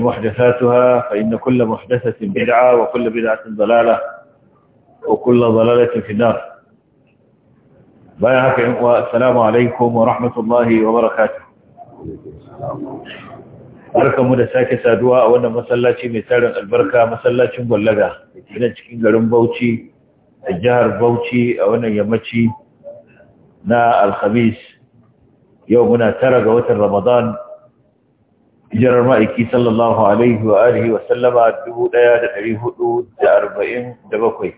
محدثاتها فإن كل محدثة بدعة وكل بدعة ضلالة وكل ضلالة في النار بايعك والسلام عليكم ورحمة الله وبركاته barkanmu da sake saduwa a wannan masallaci mai tarin albarka masallacin gwallaga gidan cikin garin Bauchi a jihar Bauchi a wannan yammaci na Alhamis yau muna tara ga watan Ramadan hijirar ma'aiki sallallahu alaihi wa alihi wa sallama 1447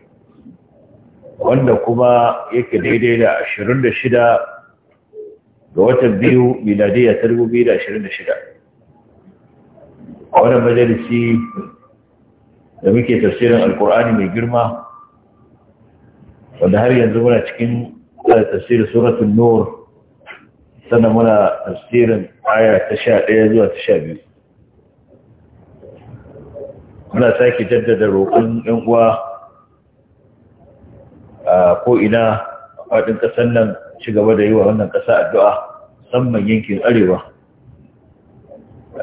wanda kuma yake daidai da 26 ga watan biyu da 2026 a wani majalisi da muke tafsirin alkur'ani mai girma wanda har yanzu muna cikin tafsirin suratun nur sannan muna tafsirin aya ta sha ɗaya zuwa ta sha biyu muna sake jaddada roƙon ‘yan uwa a ko'ina a faɗin ƙasar nan ci gaba da yi wa wannan ƙasa addu'a musamman yankin arewa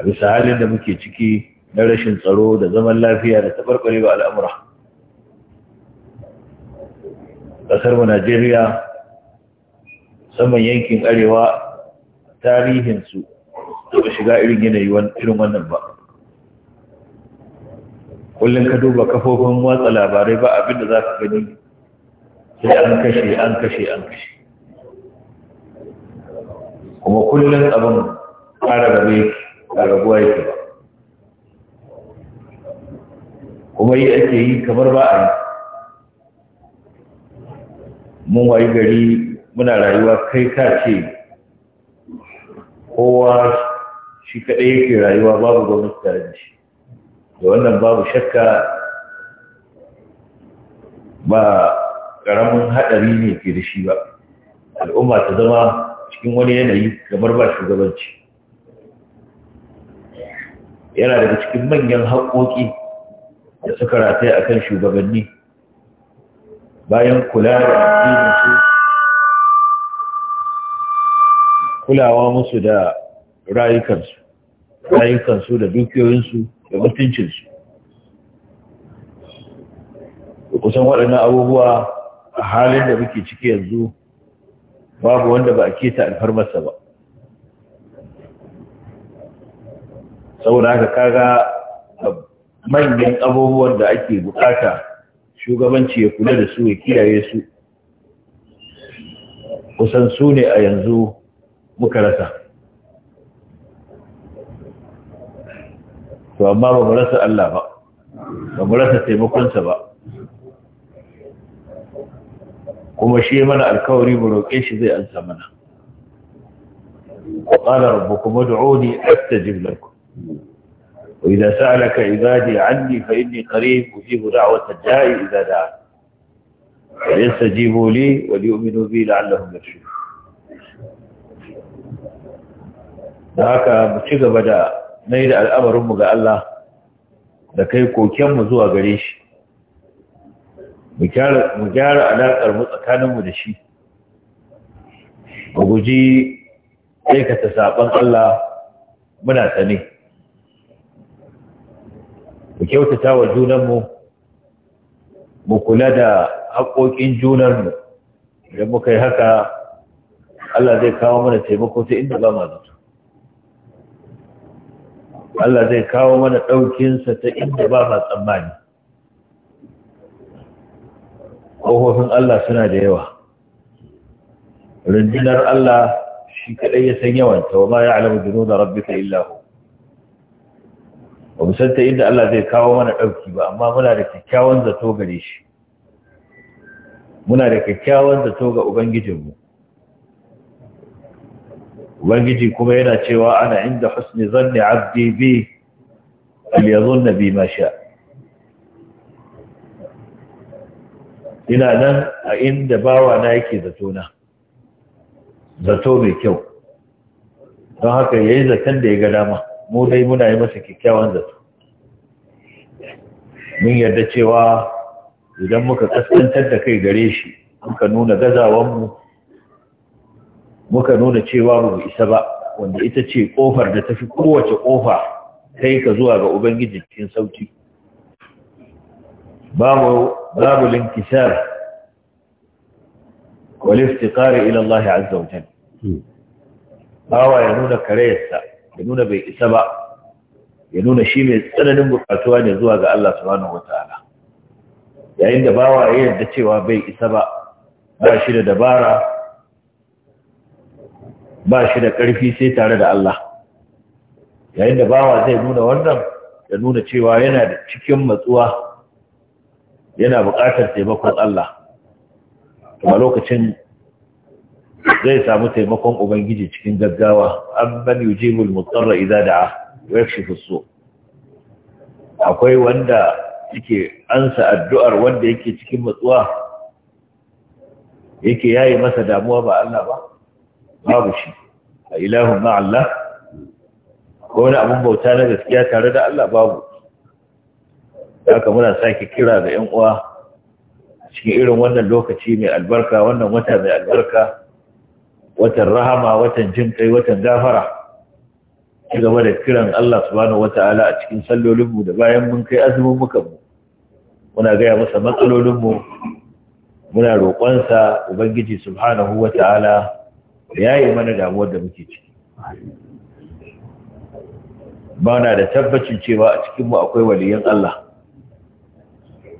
a bisa halin da muke ciki na rashin tsaro da zaman lafiya da taɓarɓare ba al'amura ƙasarmu najeriya musamman yankin arewa tarihinsu taɓa shiga irin yanayi irin wannan ba kullum ka duba kafofin watsa labarai ba abinda za ka gani sai an kashe an kashe an kashe kuma kullum abin ƙara da a raguwa yake ba kuma yi ake yi kamar ba a yi mun wayi gari muna rayuwa kai ka ce kowa shi kaɗai yake rayuwa babu gwamnati tare da shi da wannan babu shakka ba ƙaramin haɗari ne ke da shi ba al'umma ta zama cikin wani yanayi kamar ba shugabanci yana daga cikin manyan haƙoƙi da suka rataya a kan shugabanni bayan kula da su kulawa musu da rayukansu rayukansu da dukiyoyinsu da mutuncinsu da kusan waɗannan abubuwa a halin da muke ciki yanzu babu wanda ba a keta alfarmarsa ba saboda haka kaga manyan abubuwan da ake bukata shugabanci ya kula da su ya kiyaye su kusan su ne a yanzu muka rasa to amma ba mu rasa Allah ba ba mu rasa taimakonsa ba kuma shi mana alkawari mu roƙe shi zai ansa mana qala rabbukum ud'uni astajib lakum wa idza sa'alaka ibadi 'anni fa inni qarib ujibu da'wata da'i idza da'a yastajibu li wa yu'minu bi la'allahum yarshudun haka mu ci gaba da Na yi da al'amarinmu ga Allah da kai kokenmu zuwa gare shi mu gyara alaƙar mu tsakaninmu da shi mu guji aikata saɓon Allah muna sane mu kyautata wa junanmu mu kula da haƙoƙin junanmu idan muka yi haka Allah zai kawo mana taimako ta inda ba ma zato Allah zai kawo mana ɗaukinsa ta inda ba ma tsammani ƙofofin Allah suna da yawa rundunar Allah shi kaɗai ya san yawanta wa ma ya alamu jino da rabbi ka illahu ba musanta inda Allah zai kawo mana ɗauki ba amma muna da kyakkyawan zato gare shi muna da kyakkyawan zato ga Ubangijinmu ubangiji kuma yana cewa ana inda husni zanni abdi bi al-yadhunna bi ma ina nan a inda bawa na yake zato na zato mai kyau don haka yayi zaton da ya ga dama mu dai muna yi masa kyakkyawan zato mun yarda cewa idan muka kaskantar da kai gare shi muka nuna gazawanmu muka nuna cewa ba isa ba wanda ita ce kofar da tafi kowace kofa kai ka zuwa ga ubangiji cikin sauki babu babu linkisar wal iftiqar ila Allah azza hmm. bawa ya nuna kareyarsa ya nuna bai isa ba ya nuna shi mai tsananin bukatuwa ne zuwa ga Allah subhanahu Ta'ala. yayin da bawa ya yarda cewa bai isa ba ba shi da dabara ba shi da ƙarfi sai tare da Allah yayin da bawa zai nuna wannan ya nuna cewa yana da cikin matsuwa yana buƙatar taimakon Allah a lokacin zai samu taimakon ubangiji cikin gaggawa amman yujibul mutarra idza da'a wa yakshifu su akwai wanda yake ansa addu'ar wanda yake cikin matsuwa yake yayi masa damuwa ba Allah ba babu shi a ilahun ma Allah ko wani abin bauta na gaskiya tare da Allah babu haka muna sake kira ga ‘yan uwa cikin irin wannan lokaci mai albarka wannan wata mai albarka watan rahama watan jin kai watan gafara ci gaba da kiran Allah subhanahu wata'ala a cikin sallolinmu da bayan mun kai azumin muka mu muna gaya masa matsalolinmu muna roƙonsa ubangiji subhanahu wata'ala ya yi mana damuwar da muke ciki ba na da tabbacin cewa a cikinmu akwai waliyan Allah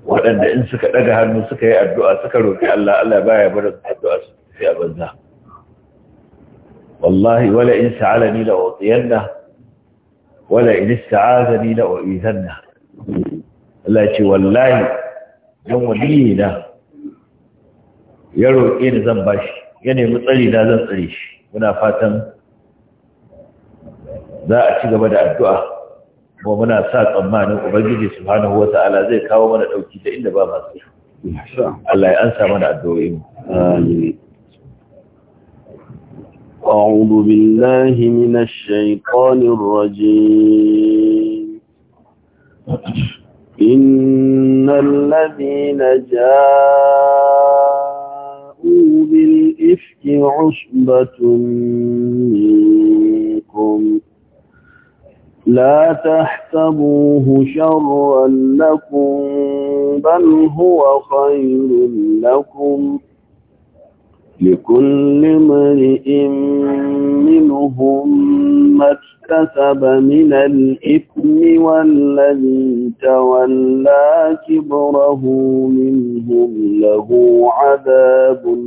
waɗanda in suka ɗaga hannu suka yi addu'a suka roƙi Allah Allah ba ya bar addu'a su sai a banza wallahi wala in ni la utiyanna wala in ista'azani la uizanna Allah ce wallahi dan waliyina ya roƙi ni zan bashi ya nemi tsari na zan tsare shi muna fatan za a ci gaba da addu'a kuma muna sa tsammanin ubangiji su subhanahu ta'ala zai kawo mana ɗauki da inda ba masu Allah ya ansa mana addu'o'in amin أعوذ بالله من الشيطان الرجيم إن الذين جاءوا الإفك عصبة منكم لا تحسبوه شرا لكم بل هو خير لكم لكل امرئ منهم ما اكتسب من الإثم والذي تولى كبره منهم له عذاب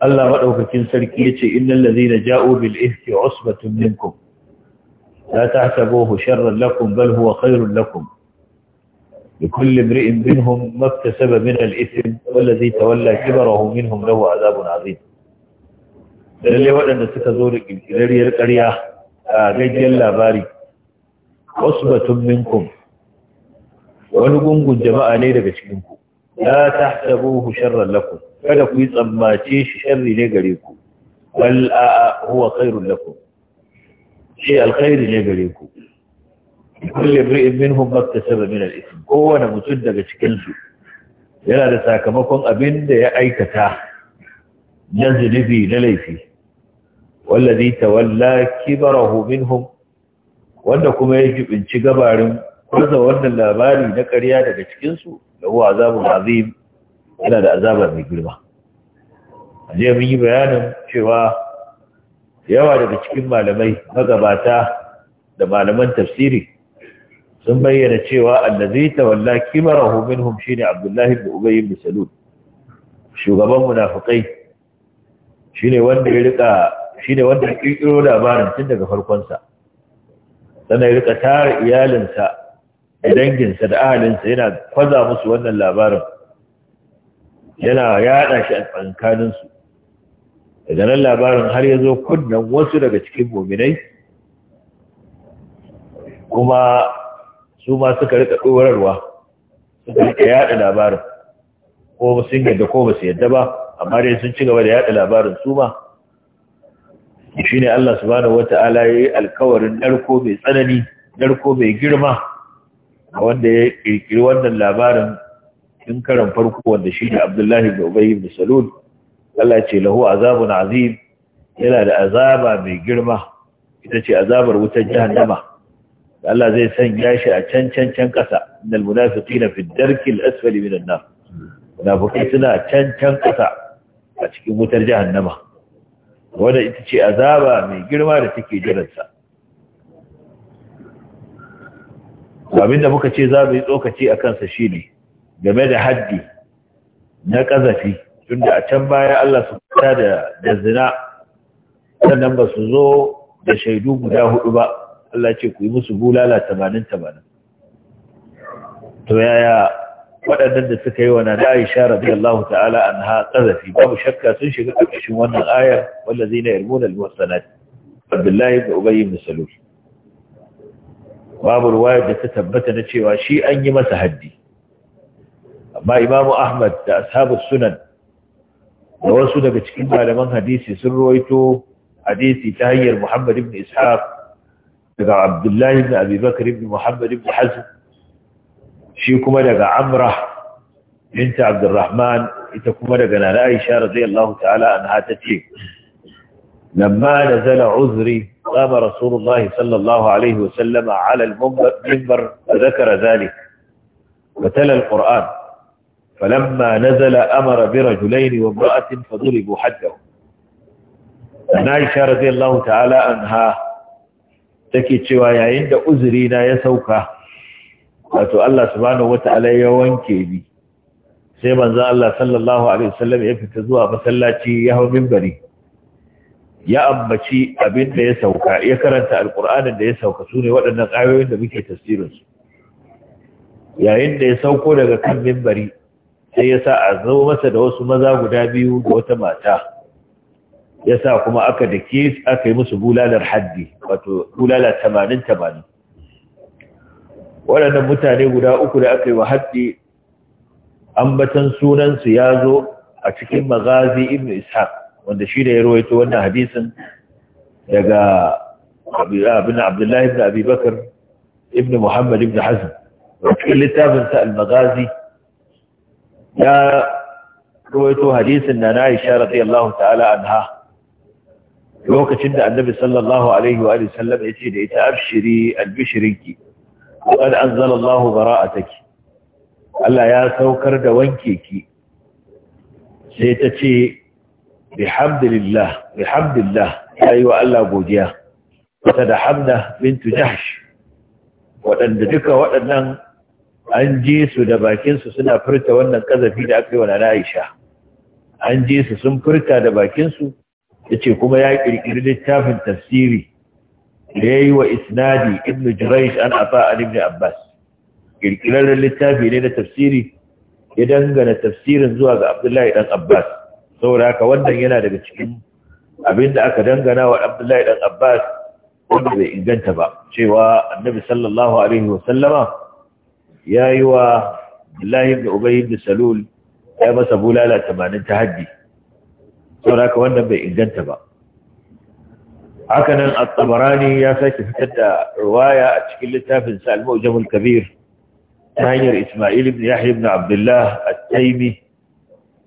Allah maɗaukakin sarki ya ce, Innan lazina ja'o bil ifki usbatun minkum, la ta tabohu sharran lakum balhuwa kairun lakun. lakum, bi kulli mri'in minhum saba min al-ithm wallazi tawalla kibarahu minhum lahu azabun azim. Lalle waɗanda suka zo da kirkirariyar ƙarya a gajiyar labari, usbatun minkum wani gungun jama'a ne daga cikinku, la ta tabohu sharran lakum. kada ku yi tsammace shi sharri ne gare ku bal a huwa khairun lakum shi alkhairi ne gare ku kullu ri'in minhum maktasaba min al-ithm kowane mutum daga cikin su yana da sakamakon abin da ya aikata na zunubi na laifi wallazi tawalla kibarahu minhum wanda kuma ya jibinci gabarin kurza wannan labari na ƙarya daga cikinsu da huwa azabun azim yana da azaba mai girma je mun yi bayanin cewa yawa daga cikin malamai magabata da malaman tafsiri sun bayyana cewa allazi tawalla kimarahu minhum shine abdullahi ibn ubay ibn salul shugaban munafukai, shine wanda ya rika wanda ya kirkiro labarin tun daga farkon sa sannan ya rika tara iyalinsa da danginsa da ahalinsa yana kwaza musu wannan labarin yana yaɗa shi a tsankaninsu daga nan labarin har ya zo kunnan wasu daga cikin mominai kuma su ma suka rika ɗorarwa suka rika yada labarin ko sun yadda ko ba su yadda ba amma dai sun ci gaba da yada labarin su ma shi ne Allah subhanahu wata'ala ya yi alkawarin narko mai tsanani narko mai girma wanda ya ƙirƙiri wannan labarin in karan farko wanda shi ne abdullahi da ubayi da salud Allah ce lahu azabun azim yana da azaba mai girma ita ce azabar wutar jahannama Allah zai sanya shi a can can can ƙasa innal munafiqina fi darkil asfali minan nar munafiqai suna can can ƙasa a cikin wutar jahannama wanda ita ce azaba mai girma da take jiransa abinda muka ce za mu yi tsokaci a kansa shi ne. game da haddi na ƙazafi tunda a can baya Allah su fita da zina sannan ba su zo da shaidu guda hudu ba Allah ce ku yi musu bulala tamanin tamanin to yaya waɗannan da suka yi wa na Aisha radiyallahu ta'ala anha ƙazafi babu shakka sun shiga ƙarƙashin wannan ayar wallazina ilmuna, al-muhsanat Abdullahi ibn Ubay ibn Salul babu ruwaya da ta tabbata na cewa shi an yi masa haddi amma imamu ahmad da ashabu sunan da wasu daga cikin malaman hadisi sun ruwaito hadisi ta hanyar muhammad ibn ishaq daga abdullahi ibn abubakar ibn muhammad ibn hazm shi kuma daga amra binta abdurrahman ita kuma daga nana aisha radiyallahu ta'ala anha ta ce لما نزل عذري قام رسول الله صلى الله عليه وسلم على المنبر فذكر ذلك وتلى القرآن فلما nazala, أمر برجلين وامرأة فضربوا حده عائشة رضي الله تعالى عنها take cewa yayin da uzuri na ya sauka wato Allah subhanahu wataala ya wanke ni sai manzon Allah sallallahu alaihi wasallam ya fita zuwa masallaci ya hau mimbari. ya ambaci abin da ya sauka ya karanta alqur'anin da ya sauka sune waɗannan ayoyin da muke tafsirin su yayin da ya sauko daga kan mimbari. sai ya sa a zo masa da wasu maza guda biyu da wata mata ya sa kuma aka da ke aka yi musu bulalar haddi wato bulala tamanin tamanin waɗannan mutane guda uku da aka yi wa haddi ambatan sunansu ya zo a cikin magazi ibn ishaq wanda shi da ya rawaito wannan hadisin daga abin abdullahi ibn abubakar ibn muhammad ibn hazm wakil littafinsa al-magazi ya rawaito hadisin da na Aisha radiyallahu ta'ala anha lokacin da Annabi sallallahu alaihi wa sallam yace da ita abshiri albishirinki qad anzala Allahu bara'ataki Allah ya saukar da wankeki. sai ta ce bihamdillah bihamdillah yayi wa Allah godiya ta da Hamna bintu Jahsh waɗanda duka waɗannan an je su da bakinsu suna furta wannan kazafi da aka yi wa na Aisha an je su sun furta da bakinsu yace kuma ya kirkiri littafin tafsiri da yayi wa isnadi ibn Jurayj an Afa ibn Abbas kirkirar littafi ne na tafsiri ya dangana tafsirin zuwa ga Abdullahi dan Abbas saboda haka wannan yana daga cikin abin da aka dangana wa Abdullahi dan Abbas wanda bai inganta ba cewa Annabi sallallahu alaihi wasallama ya yi wa Abdullahi da Ubayi da Salul ya masa bulala tamanin ta haddi, sauraka wannan bai inganta ba. Hakanan al-Tabarani ya sake fitar da ruwaya a cikin littafin Salmau Jamul Kabir ta hanyar Ismail ibn Yahya ibn Abdullah al-Taimi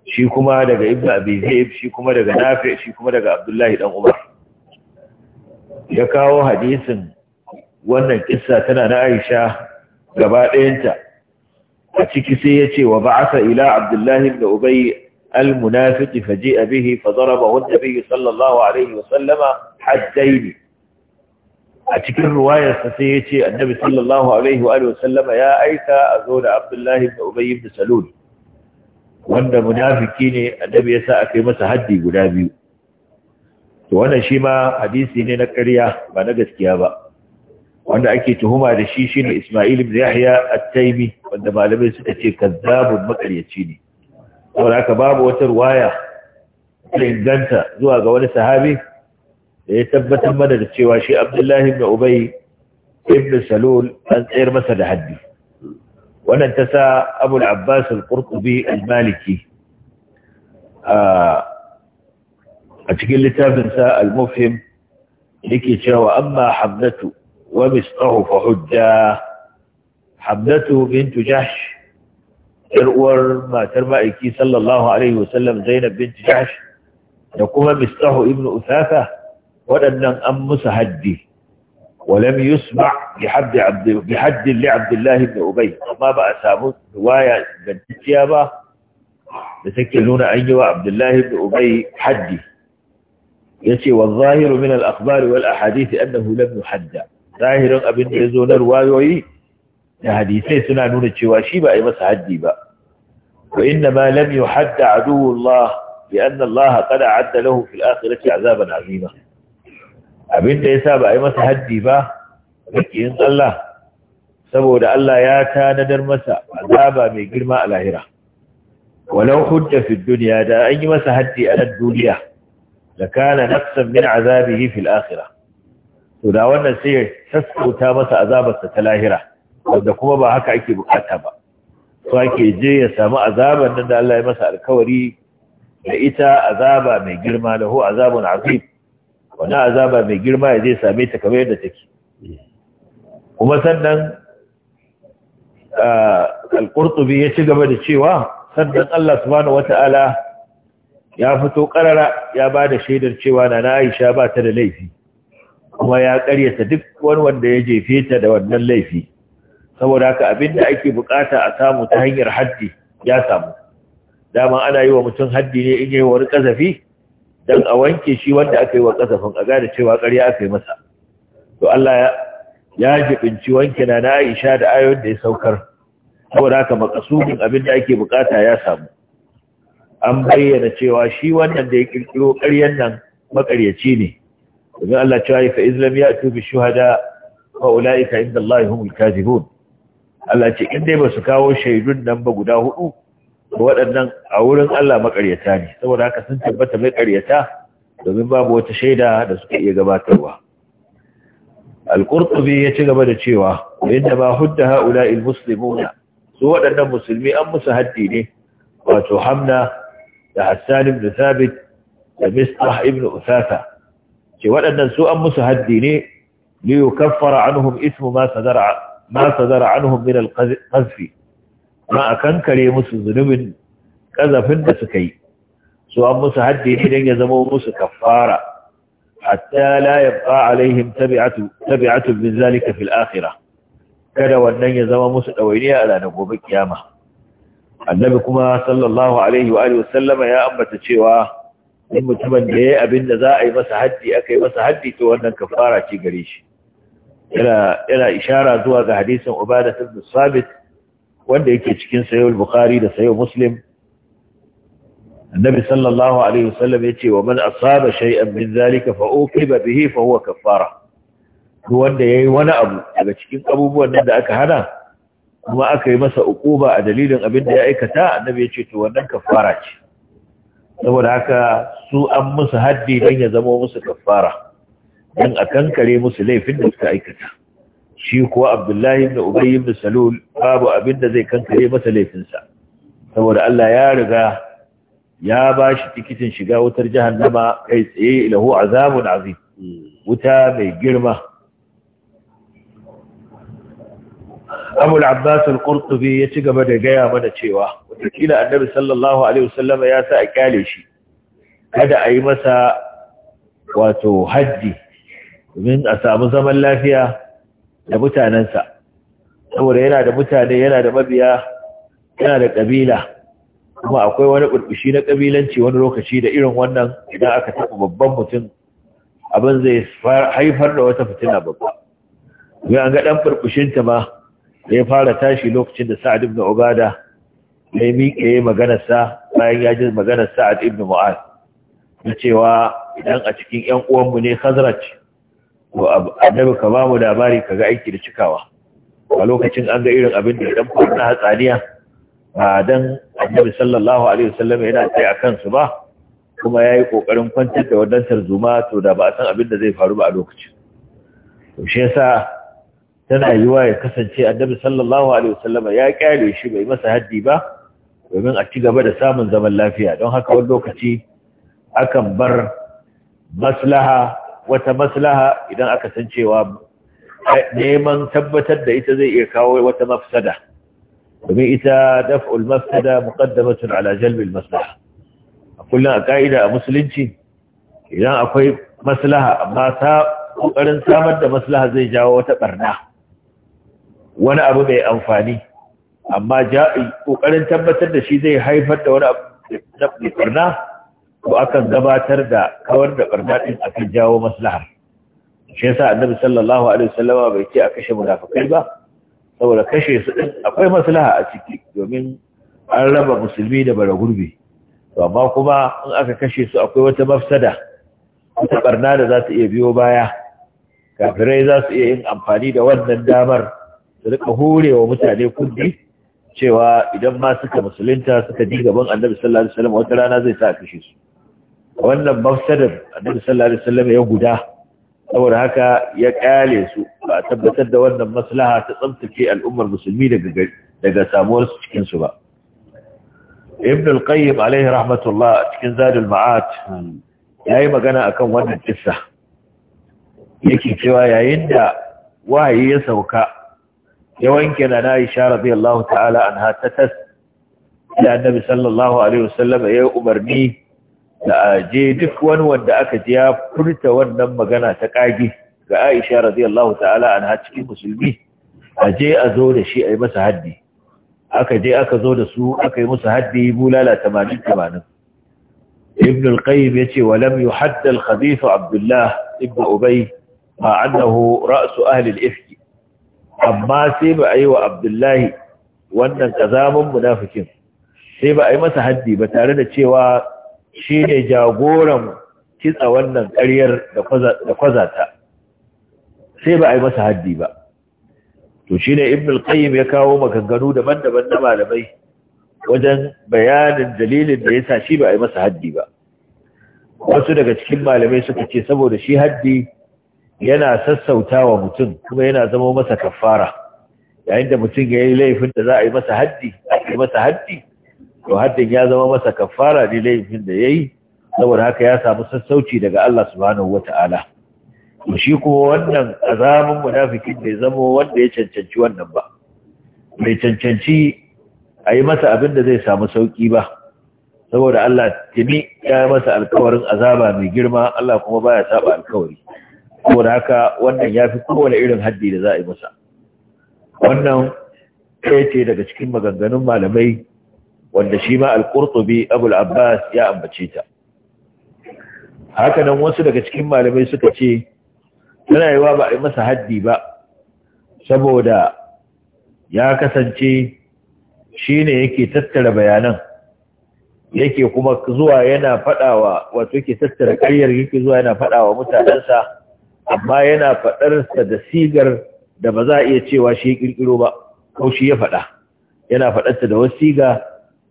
shi kuma daga Ibn Abi Zaib shi kuma daga Nafi shi kuma daga Abdullahi dan Umar. Ya kawo hadisin wannan kissa tana na Aisha gaba ɗayanta a ciki sai ya ce wa ba'asa ila abdullahi da ubai al-munafiqi faji'a bihi fa daraba wa nabi sallallahu alaihi wa sallama haddaini a cikin ruwayarsa sai ya ce annabi sallallahu alaihi wa sallama ya aika a zo da abdullahi da ubai ibn salon wanda munafiki ne annabi ya sa aka yi masa haddi guda biyu to wannan shi ma hadisi ne na ƙarya ba na gaskiya ba wanda ake tuhuma da shi shine Isma'il ibn Yahya at-Taymi wanda malamai suka ce kazzabun makaryaci ne saboda haka babu wata ruwaya ta inganta zuwa ga wani sahabi da ya tabbatar mana da cewa shi Abdullahi ibn Ubay ibn Salul an tsayar masa da haddi wannan ta sa Abu al-Abbas al-Qurtubi al-Maliki a cikin littafinsa al-Mufhim yake cewa amma Hamdatu ومصطه فحجة حمدته بنت جحش إرور ما ترمى ايكي صلى الله عليه وسلم زينب بنت جحش نقوم مصطه ابن أثاثة ولن أمس هدي ولم يسمع بحد عبد بحد لعبد الله بن أبي وما بقى سابوت رواية بنت الشيابة لتكلون أيوة عبد الله بن أبي حدي يتي والظاهر من الأخبار والأحاديث أنه لم يحدى zahirin abin da ya zo na ruwayoyi da hadisai suna nuna cewa shi ba a yi masa haddi ba wa inna ma lam yuhadda aduwullah bi anna Allah qad a'adda lahu fil akhirati azaban azima abin da yasa ba a yi masa haddi ba in Allah saboda Allah ya tanadar masa azaba mai girma a lahira walau hudda fi dunya da an yi masa haddi a nan duniya da kana nafsan min azabihi fil akhirah to da wannan sai ya masa azabarsa ta lahira wanda kuma ba haka ake bukata ba to ake je ya samu azabar nan da Allah ya masa alkawari da ita azaba mai girma da ho azabun azim wani azaba mai girma ya zai same ta kamar yadda take kuma sannan al-qurtubi ya ci gaba da cewa sannan Allah subhanahu wata'ala ya fito karara ya bada shaidar cewa na Aisha ba ta da laifi kuma ya karyata duk wani wanda ya jefe ta da wannan laifi saboda haka abinda ake bukata a samu ta hanyar haddi ya samu dama ana yi wa mutum haddi ne in yi wani kazafi don a wanke shi wanda aka yi wa kazafin a gane cewa karya aka yi masa to Allah ya jibinci wanke na Aisha da Ayon da ya saukar saboda haka makasudin abinda ake bukata ya samu an bayyana cewa shi wannan da ya ƙirƙiro ƙaryan nan makaryaci ne domin Allah cewa fa izlam ya tubi shuhada fa ulaika inda Allah humul kazibun Allah ce in dai ba su kawo shaidun nan ba guda hudu waɗannan a wurin Allah makaryata ne saboda haka sun tabbata mai karyata domin babu wata shaida da suka iya gabatarwa al-qurtubi ya ci gaba da cewa inda ba hudda ha'ula'il muslimuna su waɗannan musulmi an musu haddi ne wato hamna da hassan ibn thabit da mistah ibn usasa ce waɗannan su an musu haddi ne li kaffara anhum ismu ma sadara ma sadara anhum min al-qazfi musu zunubin kazafin da suka yi su an musu haddi ne dan ya zama musu kaffara hatta la yabqa alaihim tabi'atu tabi'atu min zalika fil kada wannan ya zama musu ɗawainiya a ranar gobe kiyama annabi kuma sallallahu alaihi wa sallama ya ambata cewa in mutumin da ya yi abin da za a yi masa haddi aka yi masa haddi to wannan kafara ce gare shi yana ishara zuwa ga hadisin ubadat ibn sabit wanda yake cikin sayyid bukhari da sayyid muslim annabi sallallahu alaihi wasallam ce, wa man asaba shay'an min zalika fa uqiba bihi fa huwa kaffara to wanda yayi wani abu daga cikin abubuwan nan da aka hana kuma aka yi masa uquba a dalilin abin da ya aikata annabi yace to wannan kafara ce saboda haka su an musu haddi don ya zama musu kafara don a kankare musu laifin da suka aikata shi kuwa abdullahi ibn ubayin ibn babu abin da zai kankare masa laifinsa saboda Allah ya riga ya ba shi tikitin shiga wutar jahannama kai tsaye lahu azabun azim wuta mai girma abu al'abbas al-qurtubi ya ci gaba da gaya mana cewa wata annabi sallallahu alaihi wasallam ya sa a kyale shi kada a yi masa wato hajji domin a samu zaman lafiya da mutanensa saboda yana da mutane yana da mabiya yana da ƙabila kuma akwai wani ƙurɓishi na ƙabilanci wani lokaci da irin wannan idan aka taɓa babban mutum abin zai haifar da wata fitina babba wai an ga ɗan ƙurɓishinta ma da ya fara tashi lokacin da sa'ad ibn ubada ya yi miƙe maganarsa bayan ya ji maganar sa'ad ibn mu'ad na cewa idan a cikin ‘yan uwanmu ne hazrat ko annabi ka ba mu labari ka ga aiki da cikawa a lokacin an ga irin abin da idan faru hatsaniya ba don annabi sallallahu alaihi wasallam yana tsaye a kansu ba kuma ya yi ƙoƙarin kwantar da wannan Zuma to da ba a san abin da zai faru ba a lokacin to shi yasa tana yiwa ya kasance annabi sallallahu alaihi wasallam ya kyale shi bai masa haddi ba domin a ci gaba da samun zaman lafiya don haka wani lokaci akan bar maslaha wata maslaha idan aka san cewa neman tabbatar da ita zai iya kawo wata mafsada domin ita daf'ul mafsada muqaddamatun ala jalbil maslaha a a ka'ida a musulunci idan akwai maslaha amma ta kokarin samar da maslaha zai jawo wata barna wani abu mai amfani amma kokarin tabbatar da shi zai haifar da wani abu mai barna to akan gabatar da kawar da barna din akan jawo maslaha shi yasa annabi sallallahu alaihi wasallam bai ce a kashe munafikai ba saboda kashe su din akwai maslaha a ciki domin an raba musulmi da bara gurbi to amma kuma in aka kashe su akwai wata mafsada wata barna da za ta iya biyo baya kafirai za su iya yin amfani da wannan damar su rika horewa mutane kundi cewa idan ma suka musulunta suka ji gaban annabi sallallahu alaihi wasallam wata rana zai sa kashe su wannan mafsadar annabi sallallahu alaihi wasallam ya guda saboda haka ya kyale su ba tabbatar da wannan maslaha ta tsamtace al'ummar musulmi daga daga samuwar su cikin su ba ibn al-qayyim alaihi rahmatullah cikin zadul ma'at yayi magana akan wannan kissa yake cewa yayin da wahayi ya sauka ya wanke na Aisha radiyallahu ta'ala anha ta tas da annabi sallallahu alaihi wasallam ya umarni da a je duk wani wanda aka ji ya furta wannan magana ta kage ga Aisha radiyallahu ta'ala anha cikin musulmi a je a zo da shi a yi masa haddi aka je aka zo da su aka yi musu haddi bulala 80 80 ibn al-qayyim yace wa lam yuhadd al-khabith abdullah ibn ubay ma annahu ra's ahli al-ifk amma sai ba ayi wa abdullah wannan kazaman munafikin sai ba yi masa haddi ba tare da cewa shi ne jagoran kitsa wannan ƙaryar da kwazata sai ba a yi masa haddi ba to shi ne ibn al-qayyim ya kawo maganganu daban-daban na malamai wajen bayanin dalilin da ya sa shi ba a yi masa haddi ba wasu daga cikin malamai suka ce saboda shi haddi yana sassauta wa mutum kuma yana zama masa kafara yayin da mutum ya yi laifin da za a yi masa haddi a yi masa haddi to haddin ya zama masa kafara ne laifin da ya yi, saboda haka ya samu sassauci daga Allah subhanahu ta'ala. to shi kuma wannan azamin munafikin bai zama wanda ya cancanci wannan ba bai cancanci a yi masa abin da zai samu sauki ba saboda Allah tuni ya masa alkawarin azaba mai girma Allah kuma baya saba alkawari saboda haka wannan ya fi kowane irin haddi da za a yi masa wannan ɗaya ce daga cikin maganganun malamai wanda shi ma al-qurtubi al abbas ya ambace ta haka nan wasu daga cikin malamai suka ce tana yiwa ba a yi masa haddi ba saboda ya kasance shi ne yake tattara bayanan yake kuma zuwa yana fadawa wato yake tattara karyar yake zuwa yana fadawa mutanensa amma yana sa da sigar da ba za a iya cewa shi ya kirkiro ba ko ya fada yana faɗarsa da wasiga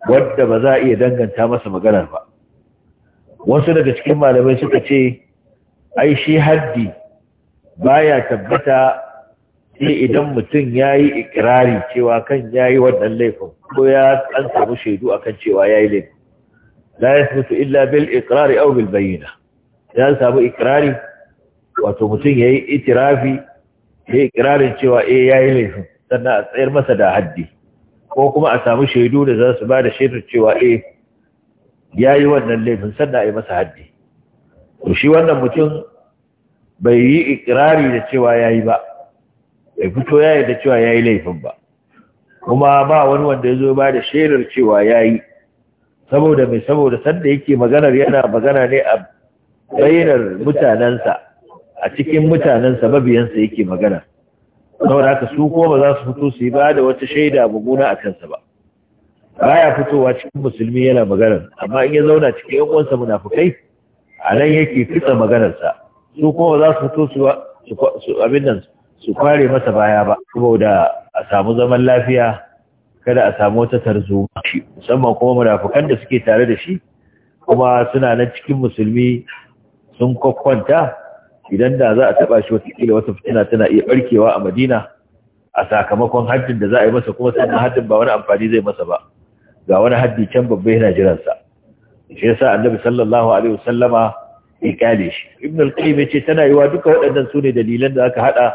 wadda ba za a iya danganta masa maganar ba wasu daga cikin malamai suka ce ai shi haddi baya tabbata sai idan mutum ya yi ikirari cewa kan ya yi wannan laifin ko ya an samu shaidu a kan cewa ya yi laifin la mutu illa bil ikirari au bil bayyina ya samu ikirari wato mutum ya yi itirafi ya yi ikirarin cewa eh ya yi laifin sannan a tsayar masa da haddi ko kuma a samu shaidu da za su ba da shaidar cewa e ya yi wannan laifin sannan a yi masa haddi to shi wannan mutum bai yi ikirari da cewa ya yi ba bai fito ya yi da cewa ya yi laifin ba kuma ba wani wanda ya zo ba da shaidar cewa ya yi saboda mai saboda sanda yake maganar yana magana ne a bayanar mutanensa a cikin mutanensa mabiyansa yake maganar. saboda haka su ko ba za su fito su yi ba da wata shaida muguna a kansa ba baya fitowa cikin musulmi yana magana amma in ya zauna cikin yan uwansa munafukai a nan yake fitsa maganarsa su ko ba za su fito su abin nan su kware masa baya ba saboda a samu zaman lafiya kada a samu wata tarzoma. musamman kuma munafukan da suke tare da shi kuma suna nan cikin musulmi sun kwakwanta idan da za a taba shi watakila wata fitina tana iya barkewa a madina a sakamakon haddin da za a yi masa kuma sannan haddin ba wani amfani zai masa ba ga wani haddi can babba yana jiransa shi yasa annabi sallallahu alaihi wasallama ya kyale shi ibn al-qayyim yace tana yiwa duka waɗannan su ne dalilan da aka hada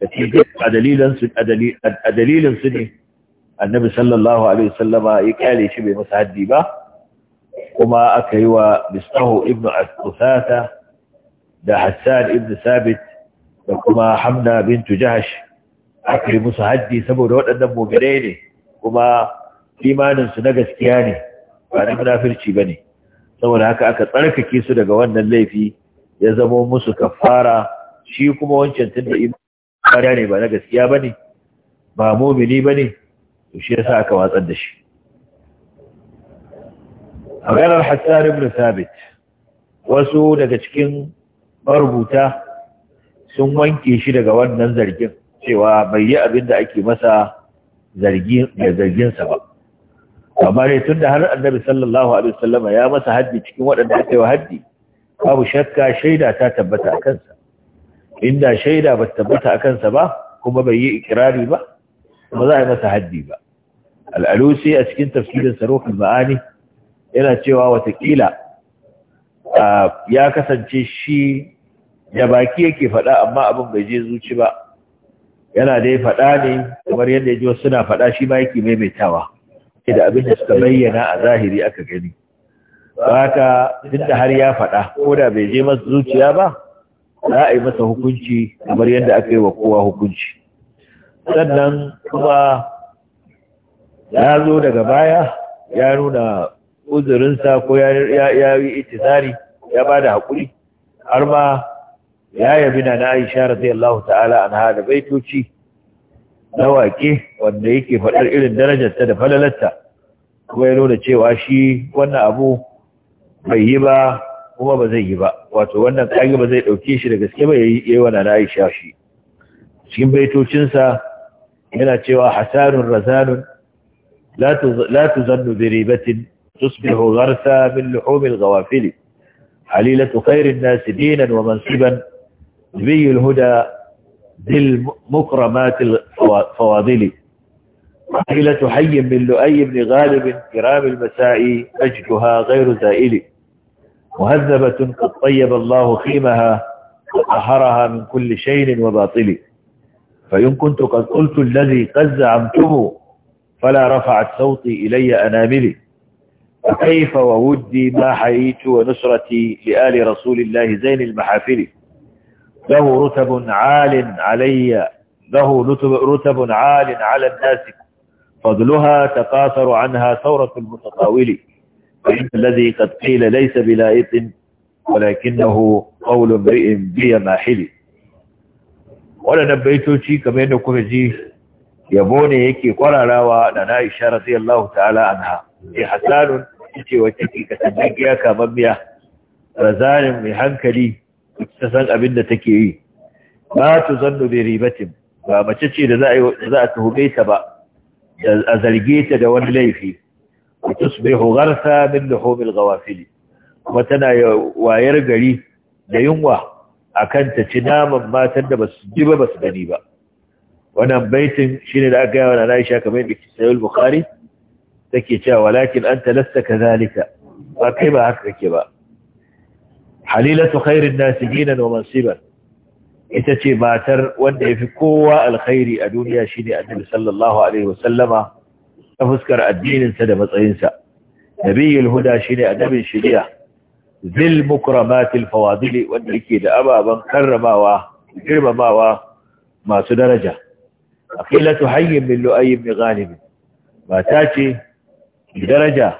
da cikin a dalilan su a dalilin su ne annabi sallallahu alaihi wasallama ya kyale shi bai masa haddi ba kuma aka yi wa bistahu ibn al-qusata da Hassan ibn Sabit da kuma Hamna bintu Jahash aka musu haddi saboda waɗannan mu'minai ne kuma imanin su na gaskiya ne ba na munafirci bane saboda haka aka tsarkake su daga wannan laifi ya zama musu kafara shi kuma wancan tunda imani ne ba na gaskiya bane ba mu'mini bane to shi yasa aka watsar da shi maganar Hassan ibn Sabit wasu daga cikin marubuta sun wanke shi daga wannan zargin cewa bai yi abin da ake masa zarginsa ba amma dai tun da har annabi sallallahu alaihi wasallam ya masa haddi cikin waɗanda aka wa haddi babu shakka shaida ta tabbata a kansa inda shaida ba tabbata a kansa ba kuma bai yi ikirari ba ba za a yi masa haddi ba al'alusi a cikin tafsirin sarofin ma'ani yana cewa watakila ya kasance shi da baki yake faɗa amma abin bai je zuci ba yana dai faɗa ne kamar yadda ya ji wasu suna faɗa shi ma yake maimaitawa ke da abin da suka bayyana a zahiri aka gani haka duk da har ya faɗa ko da bai je masa zuciya ba za a yi masa hukunci kamar yadda aka yi wa kowa hukunci sannan kuma ya zo daga baya ya nuna uzurinsa ko ya yi itizari ya ba da haƙuri har ma ya yabi na Aisha radiyallahu ta'ala an hada baitoci na waƙe wanda yake faɗar irin darajarta da falalarta kuma ya nuna cewa shi wannan abu bai yi ba kuma ba zai yi ba wato wannan kage ba zai ɗauke shi da gaske ba ya yi, wa na Aisha shi cikin baitocinsa yana cewa hasarun razanun la la tuzannu bi ribatin tusbihu gharsa min luhumil halilatu khairin nas dinan wa mansiban نبي الهدى ذي المكرمات الفواضل عائلة حي من لؤي بن غالب كرام المساء أجدها غير زائل مهذبة قد طيب الله خيمها وطهرها من كل شيء وباطل فإن كنت قد قلت الذي قد زعمته فلا رفعت صوتي إلي أناملي فكيف وودي ما حييت ونصرتي لآل رسول الله زين المحافل له رتب عال علي له رتب عال على الناس فضلها تقاثر عنها ثورة المتطاول فإن الذي قد قيل ليس بلائط ولكنه قول امرئ بي ماحل ولا نبيتوشي كما أنكم جي يبوني يكي قرر ولنا إشارة رضي الله تعالى عنها في حسان تتي وتكي كتنجيك ممية رزان من هنكلي ta san abin da take yi ba ta zannu bi ribatin ba mace ce da za a tuhume ta ba a zarge ta da wani laifi wa horar gharsa min luhumil ghawafili kuma tana wayar gari da yunwa akan ta ci naman matan da basu ji ba basu gani ba wannan baitin ne da aka yawa na Aisha kamar da Sahih Bukhari take cewa walakin talasta lasta kadhalika ba kai ba haka kake ba halilatu khairin nasi dinan wa mansiban ita ce matar wanda ya fi kowa alkhairi a duniya shi ne annabi sallallahu alaihi wasallama ta fuskar addininsa da matsayinsa nabiyyul huda shi ne annabin shari'a zil mukramatil fawadili wanda yake da ababen karramawa girmamawa masu daraja aqilatu hayyin min lu'ayyin bi ghalib mata ce daraja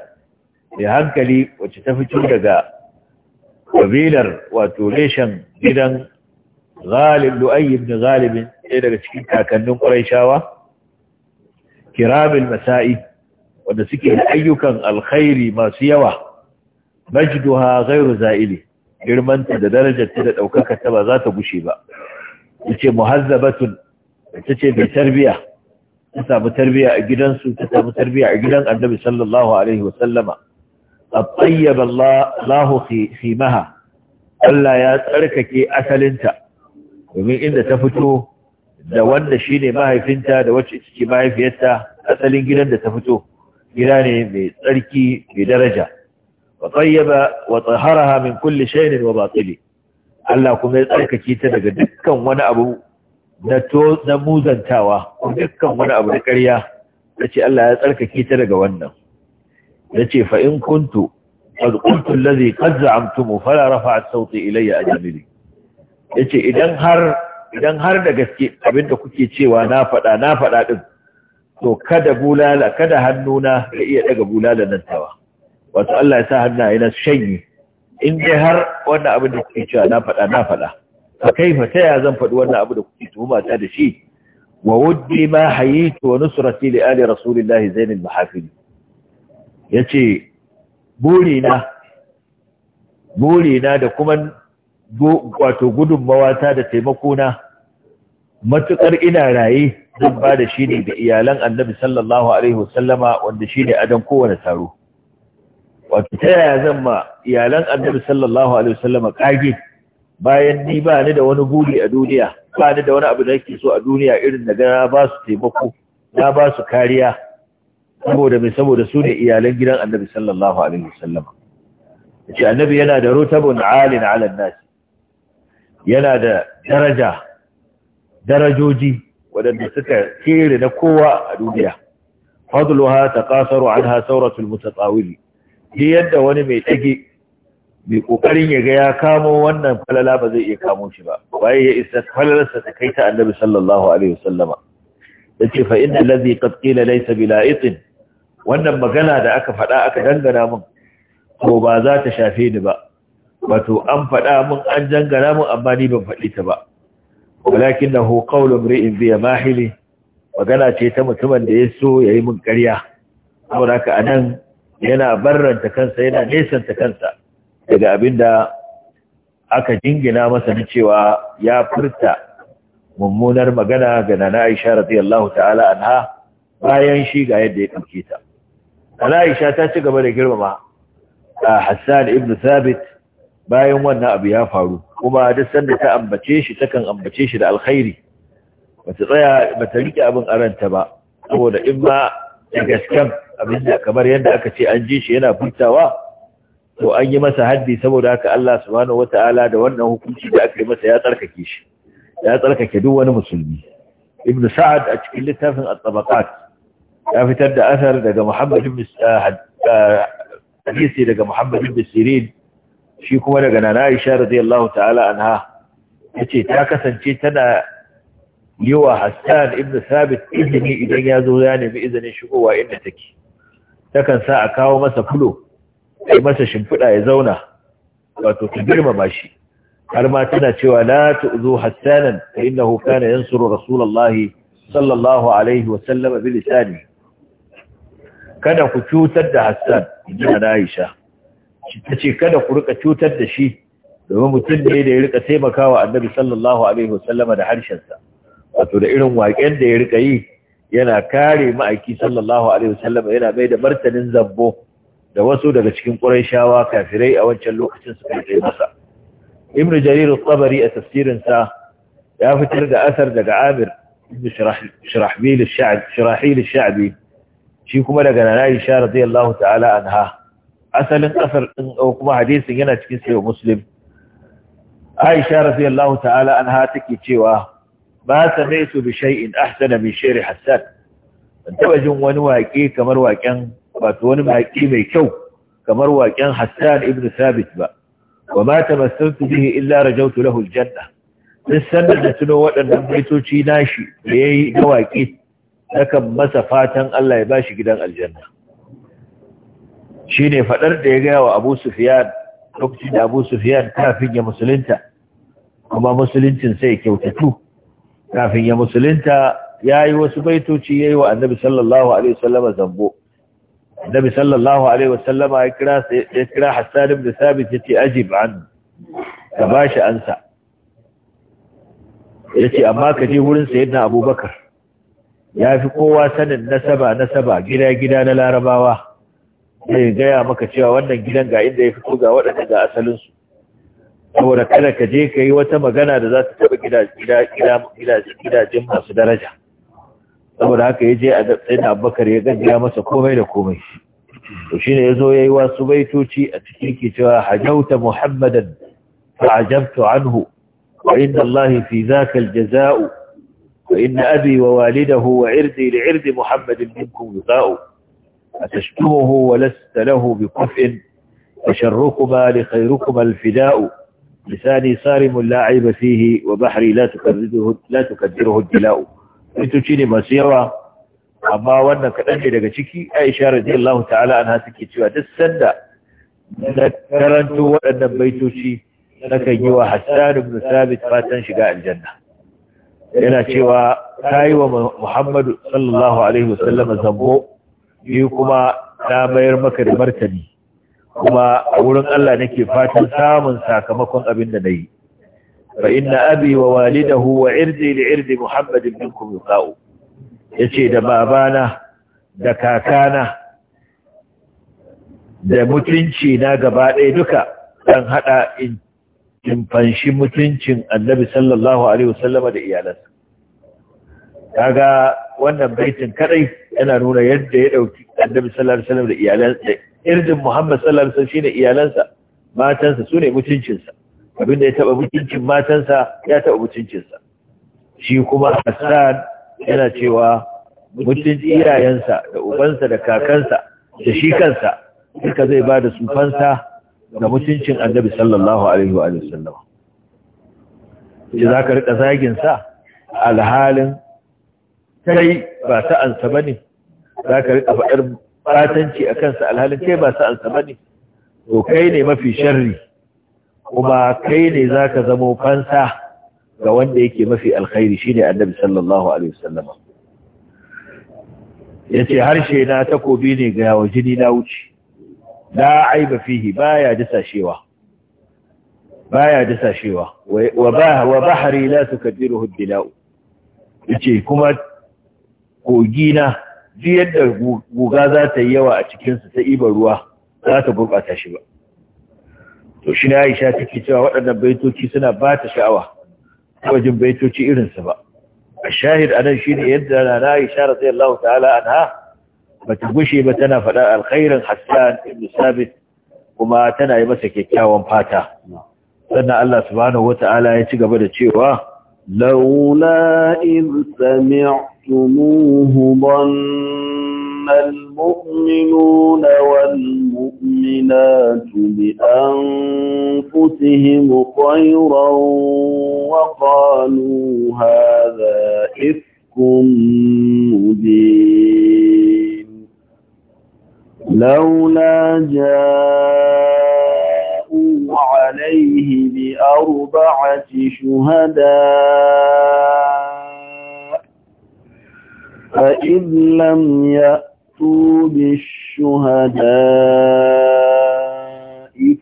ya hankali wacce ta fito daga kabilar wato reshen gidan ghalib lu'ayy ibn ghalib ɗaya daga cikin kakannin shawa? kirabil masa'i wanda suke da ayyukan alkhairi masu yawa majduha ghairu za'ili girmanta da darajarta da ɗaukaka ta ba za ta gushe ba yace muhazzabatun ce mai tarbiya ta samu tarbiya a gidansu ta samu tarbiya a gidan annabi sallallahu alaihi wa sallama tsayyaba Allah khimaha Allah ya tsarkake asalinta domin inda ta fito da wanda shine mahaifinta da wacce take mahaifiyarta asalin gidan da ta fito gida ne mai tsarki mai daraja wa tsayyaba wa tsaharaha min kulli shay'in wa batili Allah kuma ya tsarkake ta daga dukkan wani abu na to na muzantawa dukkan wani abu na ƙarya tace Allah ya tsarkake ta daga wannan yace fa in kuntu qad qultu alladhi qad fara fala rafa'a sawti ilayya ajamili yace idan har idan har da gaske abinda kuke cewa na faɗa na faɗa din to kada bulala kada hannuna ya iya daga bulala nan tawa wasu Allah ya sa hannaye na shanyi in dai har wannan abin da kuke cewa na faɗa na faɗa. kai fa ta ya zan faɗi wannan abin da kuke tuhuma ta da shi wa wuddi ma hayitu wa nusrati li ali rasulillahi zainul mahafili ya ce burina burina da kuma wato gudunmawata da taimakona matuƙar ina raye zan ba da shi ne da iyalan annabi sallallahu alaihi wasallama wanda shi ne adon kowane taro wato ta yaya zan ma iyalan annabi sallallahu alaihi wasallama ƙage bayan ni ba ni da wani buri a duniya ba ni da wani abu da yake so a duniya irin da na ba su taimako na ba su kariya saboda mai saboda su ne iyalan gidan annabi sallallahu alaihi wasallam yace annabi yana da rutabun alin ala nasi yana da daraja darajoji wadanda suka tsere da kowa a duniya fadluha taqasaru anha sawratul mutatawili shi yadda wani mai dage mai kokarin ya ga ya kamo wannan falala ba zai iya kamo shi ba waye ya isa falalarsa ta kai ta annabi sallallahu alaihi wasallama yace fa inna allazi qad qila laysa bila'itin wannan magana da aka faɗa aka dangana min ko ba za ta shafe ni ba wato an faɗa min an dangana mun, amma ni ban faɗi ta ba walakin na hukawul mri'in biya mahili magana ce ta mutumin da ya so ya yi min ƙarya saboda haka a nan yana barranta kansa yana nesanta kansa daga abin da aka jingina masa na cewa ya furta mummunar magana ga nana aisha radiyallahu ta'ala anha bayan shi ga yadda ya ɗauke ta Aisha ta ci gaba da girmama Hassan ibn Thabit bayan wannan abu ya faru kuma duk sanda ta ambace shi takan ambace shi da alkhairi ta tsaya ta rike abin aranta ba saboda in ma da abin da kamar yadda aka ce an ji shi yana furtawa to an yi masa haddi saboda haka Allah subhanahu ta'ala da wannan hukunci da aka yi masa ya tsarkake shi ya tsarkake duk wani musulmi ibn sa'ad a cikin littafin at-tabaqat ya fitar da asar daga Muhammad ah, ah, hadisi daga Muhammad Sirin shi kuma daga Nana Aisha radiyallahu ta'ala anha ce ta kasance tana yiwa Hassan ibn Sabit izini idan ya zo ya nemi izinin shigowa inda take takan sa a kawo masa fulo ai masa shimfiɗa ya zauna wato ta girmama shi har ma tana cewa la tu'zu Hassanan fa innahu kana yansuru Rasulallah, sallallahu alaihi wa sallam bi lisani kada ku cutar da Hassan inda na Aisha ta ce kada ku rika cutar da shi domin mutum ne da ya rika taimakawa annabi sallallahu alaihi wasallama da wato da irin waƙen da ya rika yi yana kare ma'aiki sallallahu alaihi wasallama yana mai da martanin zambo da wasu daga cikin ƙurayshawa kafirai a wancan lokacin suka yi masa ibn jarir al-tabari a tafsirin sa ya fitar da asar daga amir ibn shirahbil sha'bi shi kuma daga nana Aisha radiyallahu ta'ala anha asalin kasar din eh, kuma hadisin yana cikin sahih Muslim Aisha radiyallahu ta'ala anha take cewa ba su bi shaiin ahsana min shi'r Hassan ban taba jin wani waƙe kamar waƙen wato wani waƙe mai kyau kamar waƙen Hassan ibn sabit ba wa ma tamassaltu bihi illa rajawtu lahu aljanna Sun sanda da tuno waɗannan baitoci nashi da yayi na waƙe nakan masa fatan Allah ya bashi gidan aljanna shine fadar da ya gaya wa Abu Sufyan lokacin da Abu Sufyan kafin ya musulunta kuma musuluncin sai kyautatu kafin ya musulunta yayi wasu baitoci yayi wa Annabi sallallahu alaihi wasallama zambo Annabi sallallahu alaihi wasallama ya kira ya kira Hassan ibn sabit yace ajib an ka bashi ansa yace amma ka je wurin sayyidina Abubakar ya fi kowa sanin nasaba nasaba gida gida na larabawa zai gaya maka cewa wannan gidan ga inda ya fito ga waɗanda ga asalinsu saboda kada ka je ka yi wata magana da za ta taɓa gidajen masu daraja saboda haka ya je a tsayin abubakar ya gajiya masa komai da komai to shi ne ya zo ya yi wasu baitoci a cikin ke cewa hajauta muhammadan fa'ajabtu anhu wa inda Allah fi zaka jaza'u. وإن أبي ووالده وعرضي لعرض محمد منكم لقاء أتشتمه ولست له بكفء فشركما لخيركما الفداء لساني صارم لا عيب فيه وبحري لا تكدره لا تكدره الدلاء لتجيني مسيرة أما وانا كدنجي لك شكي عائشة رضي الله تعالى عنها تكي تشوى تسنى ذكرنت وانا بيتوشي لك يوى حسان بن ثابت فاتن شقاء الجنة yana cewa ta yi wa muhammadu sallallahu alaihi wasallama zambo ni kuma ta mayar maka da martani kuma a wurin Allah nake fatan samun sakamakon abin da na yi Ba inna abi wa walidahu wa irdi Muhammadu irdi kuma minkum Ya ce da babana da kakana da mutunci na gaba ɗaya duka ɗan haɗa in in mutuncin annabi sallallahu alaihi wasallama da iyalansa kaga wannan baitin kadai yana nuna yadda ya dauki annabi sallallahu alaihi wasallam da iyalansa irin muhammad sallallahu alaihi wasallam shine iyalansa matansa sune mutuncinsa abinda ya taba mutuncin matansa ya taba mutuncinsa shi kuma hassan yana cewa mutunci iyayensa da ubansa da kakansa da shi kansa duka zai ba da sufansa ga mutuncin annabi sallallahu alaihi wa sallam ce za ka riƙa zaginsa alhalin kai ba sa'ansa ba ne za ka riƙa faɗar fatanci a kansa alhalin kai ba sa'ansa ba ne to kai ne mafi sharri kuma kai ne za ka zamo fansa ga wanda yake mafi alkhairi shi ne annabi sallallahu alaihi wasallama ya ce harshe na takobi ne ga yawa jini na wuce la aiba fihi baya dasashewa baya dasashewa wa bahari la tukadiruhu dila'u yace kuma kogina duk yadda guga za ta yi yawa a su ta ibar ruwa za ta gurɓata shi ba to shi na aisha take cewa waɗannan baitoci suna ba ta sha'awa wajen baitoci su ba a shahid anan shi ne yadda na na aisha radiyallahu ta'ala anha ba ta gushe ba tana faɗa alkhairin hassan ibn sabit kuma tana yi masa kyakkyawan fata sannan Allah subhanahu wata'ala ya ci gaba da cewa laula idh sami'tumuhu dhanna al-mu'minuna wal-mu'minatu bi anfusihim khayran wa qalu hadha ifkum mubin لولا جاءوا عليه بأربعة شهداء فإذ لم يأتوا بالشهداء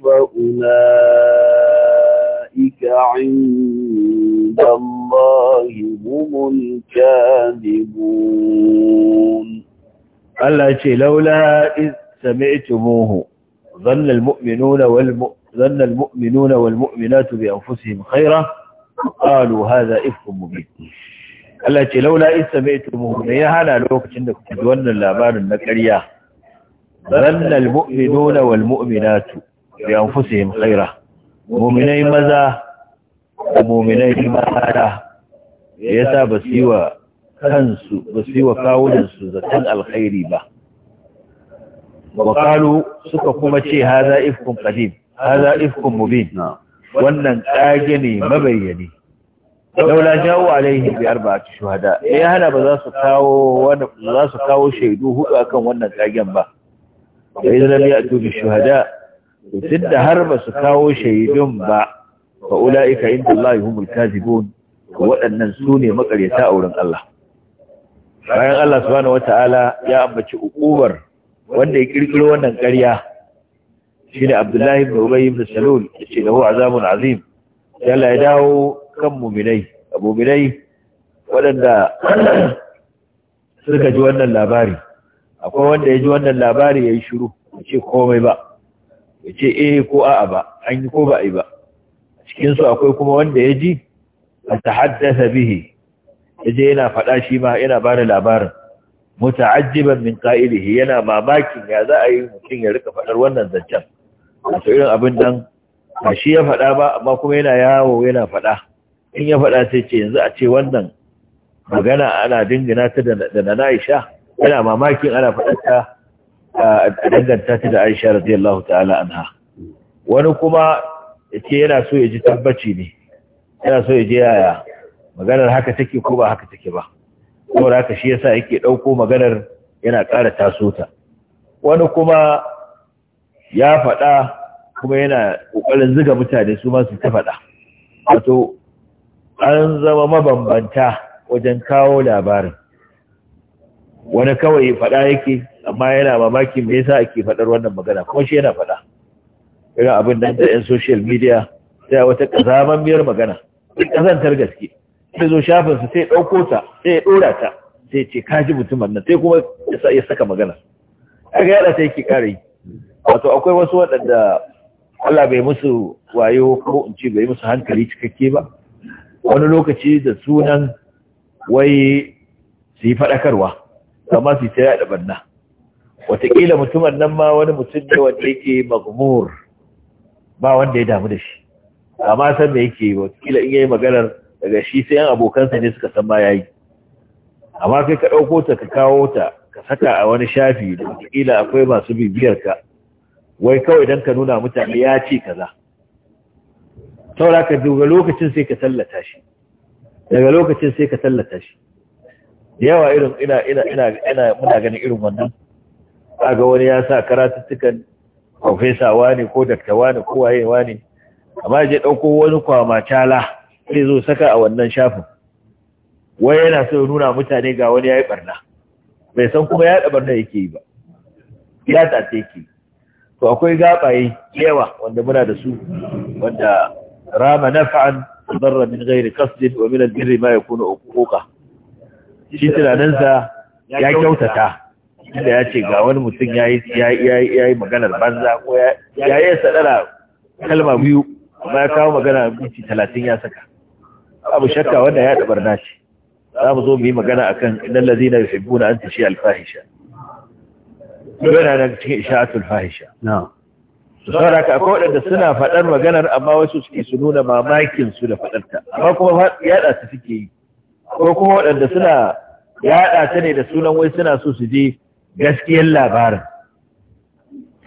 فأولئك عند الله هم الكاذبون Allah ce laula iz sami'tumuhu dhanna almu'minuna wal dhanna almu'minuna wal mu'minatu bi anfusihim khayra qalu hadha ifkum mubin Allah ce laula iz sami'tumuhu ne ya hana lokacin da kuke wannan labarin na ƙarya dhanna almu'minuna wal mu'minatu bi anfusihim khayra mu'minai maza mu'minai mata yasa basiwa kansu ba su yi wa kawunansu zaton alkhairi ba wakalu suka kuma ce haza ifkun qadim haza ifkun mubin wannan kage ne mabayyani laula jawo alaihi bi arba'ati shuhada eh hana ba za su kawo wanda za su kawo shaidu hudu akan wannan kagen ba idan lam ya'tu bi shuhada da har ba su kawo shaidun ba fa ulaika inda Allah humul kazibun waɗannan su ne makaryata a wurin Allah bayan Allah subhanahu wata'ala ya ambaci ukubar wanda ya kirkiro wannan ƙarya shine Abdullahi ibn Ubayy ibn Salul yace lahu azabun azim yalla ya dawo kan mu'minai mu'minai waɗanda suka ji wannan labari akwai wanda ya ji wannan labari yayi shiru yace komai ba yace eh ko a'a ba an yi ko ba yi ba cikin su akwai kuma wanda ya ji a tahaddatha bihi yaje yana faɗa shi ma yana bada labarin muta'ajjiban min qa'ilihi yana mamakin ya za a yi mutum ya rika faɗar wannan zancen wato irin abin dan ba shi ya faɗa ba amma kuma yana yawo yana faɗa in ya faɗa sai ce yanzu a ce wannan magana ana dingina ta da na Aisha yana mamakin ana faɗar ta a danganta ta da Aisha radiyallahu ta'ala anha wani kuma yace yana so ya ji tabbaci ne yana so ya je yaya maganar haka take ko ba haka take ba saboda haka shi yasa yake dauko maganar yana ƙara taso ta wani kuma ya faɗa kuma yana ƙoƙarin zuga mutane su ma su ta faɗa wato an zama mabambanta wajen kawo labarin wani kawai faɗa yake amma yana mamakin me yasa ake faɗar wannan magana kuma shi yana faɗa irin abin nan da 'yan social media sai wata ƙazamammiyar magana ƙazantar gaske sai zo shafinsa sai ɗauko ta sai ya ɗora ta sai ce ka ji mutumin nan sai kuma ya saka magana ga yada ta yake ƙara yi wato akwai wasu waɗanda Allah bai musu wayo ko in ce bai musu hankali cikakke ba wani lokaci da sunan wai su yi faɗakarwa amma su yi ta yaɗa banna wataƙila mutumin nan ma wani mutum ne wanda yake magmur ba wanda ya damu da shi amma san me yake wataƙila in yayi maganar daga shi sai yan abokansa ne suka san ma amma kai ka ɗauko ta ka kawo ta ka saka a wani shafi da kila akwai masu bibiyar ka wai kawai don ka nuna mutane ya ce kaza saura ka duga lokacin sai ka tallata shi daga lokacin sai ka tallata shi da yawa irin ina ina ina ina muna ganin irin wannan kaga wani ya sa karatuttukan profesa wani ko daktawa ne ko waye ne, amma je ɗauko wani kwamacala sai zo saka a wannan shafin wai yana so ya nuna mutane ga wani ya barna bai san kuma ya barna yake yi ba ya ta take to akwai gabaye yawa wanda muna da su wanda rama naf'an darra min ghairi qasdin wa min al-birri ma yakunu uquqa shi tunaninsa ya kyautata inda ya ce ga wani mutum ya yi maganar banza ko ya yi sadara kalma biyu amma ya kawo magana minti talatin ya saka abu shakka wanda ya tabar nashi za mu zo mu yi magana akan idan lazina yuhibbuna an tashi alfahisha yana da cikin isha'atul fahisha na'am saboda ka akwai waɗanda suna faɗar maganar amma wasu suke su nuna mamakin su da faɗarta amma kuma yaɗa ta suke yi ko kuma waɗanda suna yaɗa ta ne da sunan wai suna so su je gaskiyar labarin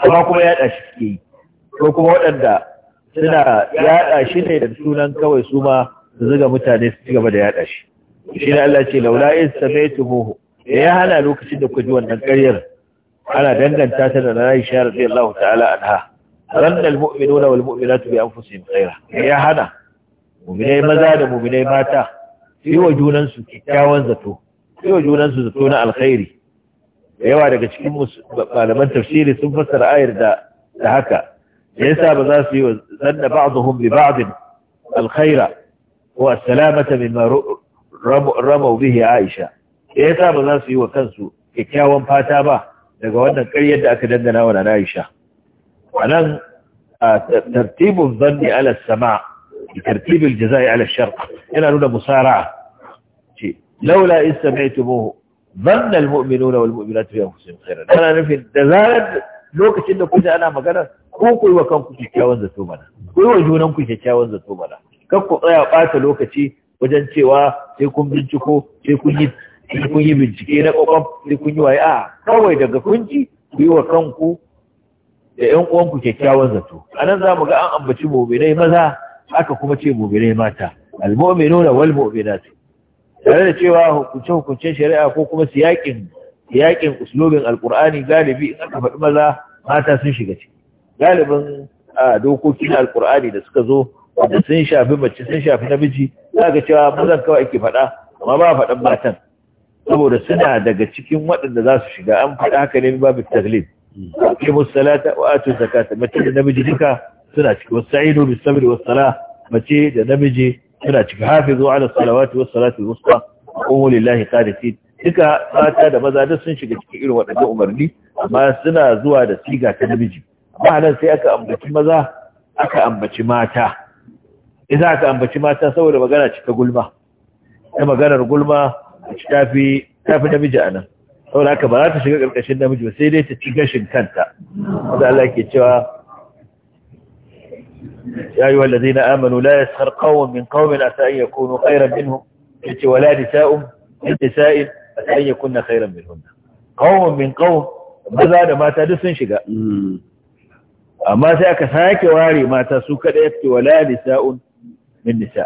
amma kuma yaɗa shi suke yi ko kuma waɗanda suna yaɗa shi ne da sunan kawai su ma zuga mutane su ci gaba da yada shi shi ne Allah ce laula in da ya hana lokacin da ku ji wannan ƙaryar ana danganta ta da Aisha radiyallahu ta'ala anha ranna almu'minuna wal mu'minatu bi anfusihim khaira ya hana mu'minai maza da mu'minai mata yi wa junan su kikkiawan zato yi wa junan su zato na alkhairi yawa daga cikin malaman tafsiri sun fassara ayar da da haka yasa ba za su yi wa zanna ba'dhum bi ba'd alkhaira والسلامة مما رموا به عائشة إيسا بذاسي وكنسو كيكاوان فاتابا لقوانا كريا أكدندنا ونان عائشة ونن ترتيب الظن على السماع ترتيب الجزاء على الشرق هنا نونا مصارعة لولا إن سمعتموه ظن المؤمنون والمؤمنات في أنفسهم خيرا أنا نفي الدلال لوك إنه كنت أنا مقالا كوكو وكوكو كيكاوان ذاتو منا كوكو وجونا كيكاوان ذاتو منا kar ku tsaya ɓata lokaci wajen cewa sai kun binciko sai kun yi sai kun yi bincike na kwakwam sai kun yi waye a kawai daga kunci ku yi wa kanku da ƴan uwanku kyakkyawan zato a nan za mu ga an ambaci muminai maza aka kuma ce muminai mata almu'minuna wal mu'minat tare da cewa hukunce hukuncen shari'a ko kuma siyakin siyakin uslubin alqur'ani galibi in aka faɗi maza mata sun shiga ciki galibin dokokin alqur'ani da suka zo wanda sun shafi mace sun shafi namiji za ga cewa mazan kawai ake faɗa amma ba faɗan matan saboda suna daga cikin waɗanda za su shiga an faɗa haka ne babu taglid ke musalata wa atu zakata mace da namiji duka suna cikin wasa'idu bi sabri was sala mace da namiji suna cikin hafizu ala salawati was salati wusta qumu lillahi qanitin duka mata da maza duk sun shiga cikin irin waɗannan umarni amma suna zuwa da siga ta namiji amma nan sai aka ambaci maza aka ambaci mata iza ta ambaci mata saboda magana cika gulma ta maganar gulma tafi tafi namiji anan saboda haka ba za ta shiga karkashin namiji ba sai dai ta ci gashin kanta wanda Allah yake cewa ya ayyuha allazina amanu la yaskhar qawmun min qawmin asa an yakunu khayran minhum yace wala nisa'un min nisa'in asa an yakunna khayran minhum qawmun min qawm maza da mata duk sun shiga mm. amma sai aka sake ware mata su kada yace wala nisa'un min nisa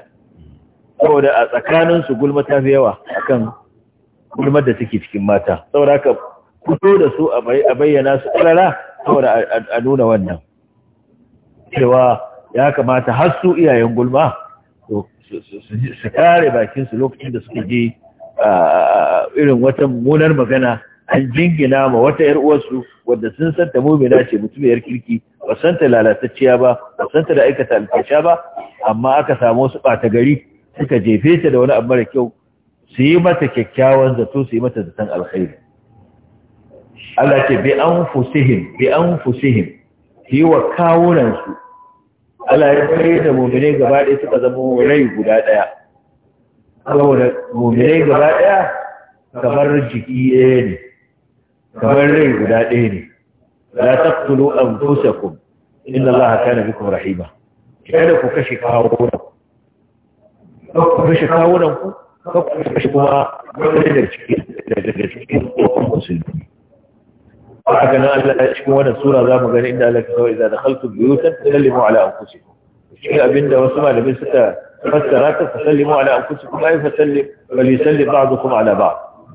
saboda a tsakanin su gulma ta fi yawa akan gulmar da take cikin mata saboda ka fito da su a bayyana su karara saboda a nuna wannan cewa ya kamata har su iyayen gulma su kare bakin su lokacin da suke je irin wata munar magana an jingina ma wata ‘yar uwarsu wadda sun san ta mumina ce mutumiyar kirki ba san ta lalatacciya ba ba san ta da aikata alfasha ba amma aka samu wasu ɓata gari suka jefe ta da wani abu mara kyau su yi mata kyakkyawan zato su yi mata zaton alkhairi Allah ce bi an fusihim bi an fusihim yi wa kawunansu Allah ya kai da mumine gaba ɗaya suka zama rai guda ɗaya saboda mumine gaba ɗaya kamar jiki ɗaya ne kamar rai guda ɗaya ne لا تقتلوا أنفسكم إن الله كان بكم رحيما كانوا فكشي كهارون فكشي كهارون وحكنا أن لا أشكونا السورة ذاما قال إن ألك سواء إذا دخلتم بيوتا تسلموا على أنفسكم الشيء أبن ده وسمع لبن ستة فسرات على أنفسكم أي فسلم فليسلم بعضكم على بعض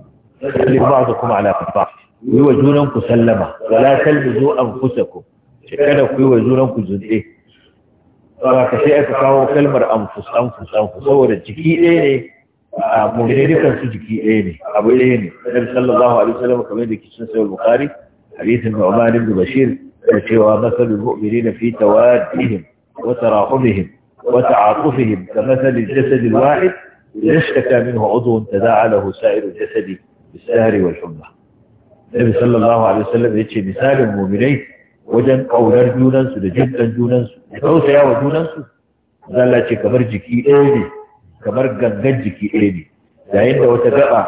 سلم بعضكم على بعض yi wa junanku sallama wala talbizu anfusakum shi kada ku yi wa junanku zunde ba ka sai aka kawo kalmar anfus anfus anfus saboda jiki ɗaya ne a mummune dukan su jiki ɗaya ne abu ɗaya ne nabi sallallahu alaihi wasallam kamar da ke cikin sahih bukhari hadisin Umar ibn Bashir da cewa masalul mu'minina fi tawaddihim wa tarahumihim wa ta'atufihim ka masalil jasad al-wahid إذا اشتكى منه عضو تداعى له سائر الجسد بالسهر والحمى Nabi sallallahu alaihi wasallam ya ce misalin mu'minai wajen ƙaunar junansu da jinkan junansu da tausaya wa junansu zalla ce kamar jiki ɗaya ne kamar gangan jiki ɗaya ne yayin da wata gaba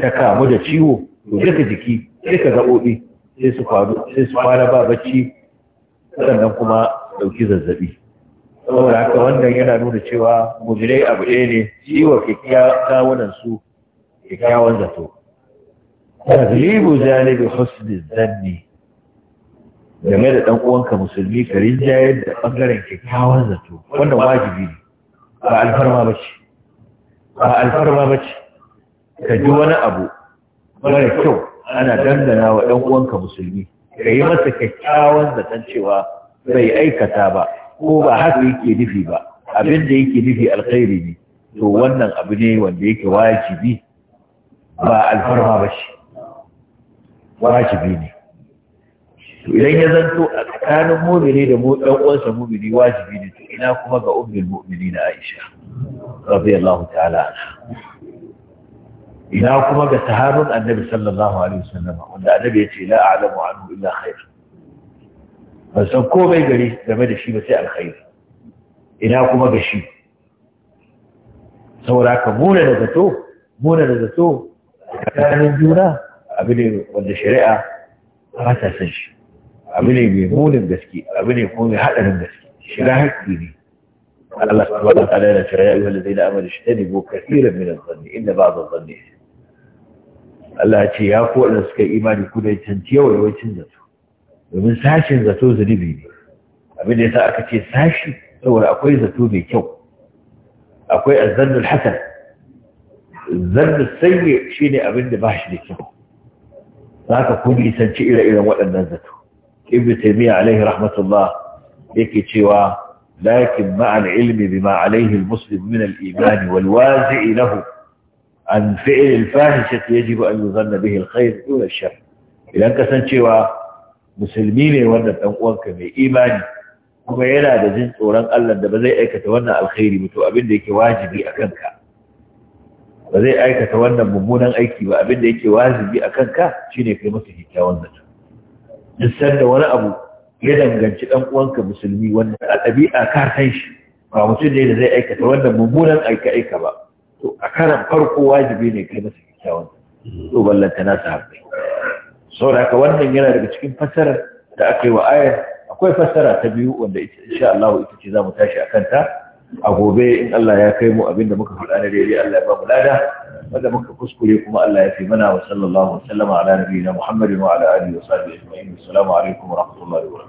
ta kamu da ciwo to duka jiki duka gaɓoɓi sai su faru sai su fara ba bacci sannan kuma ɗauki zazzaɓi. saboda haka wannan yana nuna cewa muminai abu ɗaya ne ciwo kyakkyawan su kyakkyawan zato taglibu janibi husnul zanni game da dan uwanka musulmi ka rinjayar da bangaren kyakkyawan zato wannan wajibi ne ba alfarma bace ba alfarma bace ka ji wani abu mara kyau ana dangana wa dan uwanka musulmi ka yi masa kyakkyawan zaton cewa bai aikata ba ko ba haka yake nufi ba abin da yake nufi alkhairi ne to wannan abu ne wanda yake wajibi ba alfarma bace wajibi ne to idan ya zanto a tsakanin mumini da mu dan mumini wajibi ne to ina kuma ga ummul na Aisha radiyallahu ta'ala ana. ina kuma ga sahabin annabi sallallahu alaihi wasallam wanda annabi ya ce la a'lamu anhu illa khair ban san komai gari game da shi ba sai alkhairi ina kuma ga shi saboda ka muna da zato muna da zato tsakanin juna abu ne wanda shari'a ba ta san shi abu ne mai munin gaske abu ne kuma mai haɗarin gaske shiga haƙƙi ne Allah da shari'a ta'ala wanda zai da ayyuhal shi. amanu ishtanibu kathiran min adh-dhanni inna ba'd adh-dhanni Allah ce ya ku wanda suka yi imani ku da canci yawa yawancin zato domin sashin zato zunubi ne abin da ya sa aka ce sashi saboda akwai zato mai kyau akwai azzannul hasan zannu sayyi shine abin da ba shi da kyau za ka kun isanci ire-iren waɗannan zato ibn taymiya alaihi rahmatullah yake cewa lakin ma'al ilmi bima alaihi almuslim min al imani wal wazi'i lahu an fi'l al-fahisha yajibu an yuzanna bihi al-khair dun ash-shar idan cewa musulmi ne wannan dan uwanka mai imani kuma yana da jin tsoron Allah da ba zai aikata wannan alkhairi ba to abin da yake wajibi a kanka ba zai aikata wannan mummunan aiki ba abin da yake wajibi a kanka shine kai masa kyakkyawan zato duk sanda wani abu ya danganci dan uwanka musulmi wanda a ɗabi'a ka san shi ba mutum ne da zai aikata wannan mummunan aika aika ba to a karan farko wajibi ne kai masa kyakkyawan to ballanta na sa haƙƙi saboda haka wannan yana daga cikin fassarar da aka yi wa ayar akwai fassara ta biyu wanda insha Allah ita ce za mu tashi akan ta a gobe Allah ya kai mu abinda muka faɗa na daidai Allah ya ba mu lada wanda muka kuskure kuma Allah ya fi mana wa sallallahu wa sallama ala nabiyina Muhammadin wa ala alihi wa sahbihi ajma'in assalamu alaikum wa rahmatullahi wa barakatuh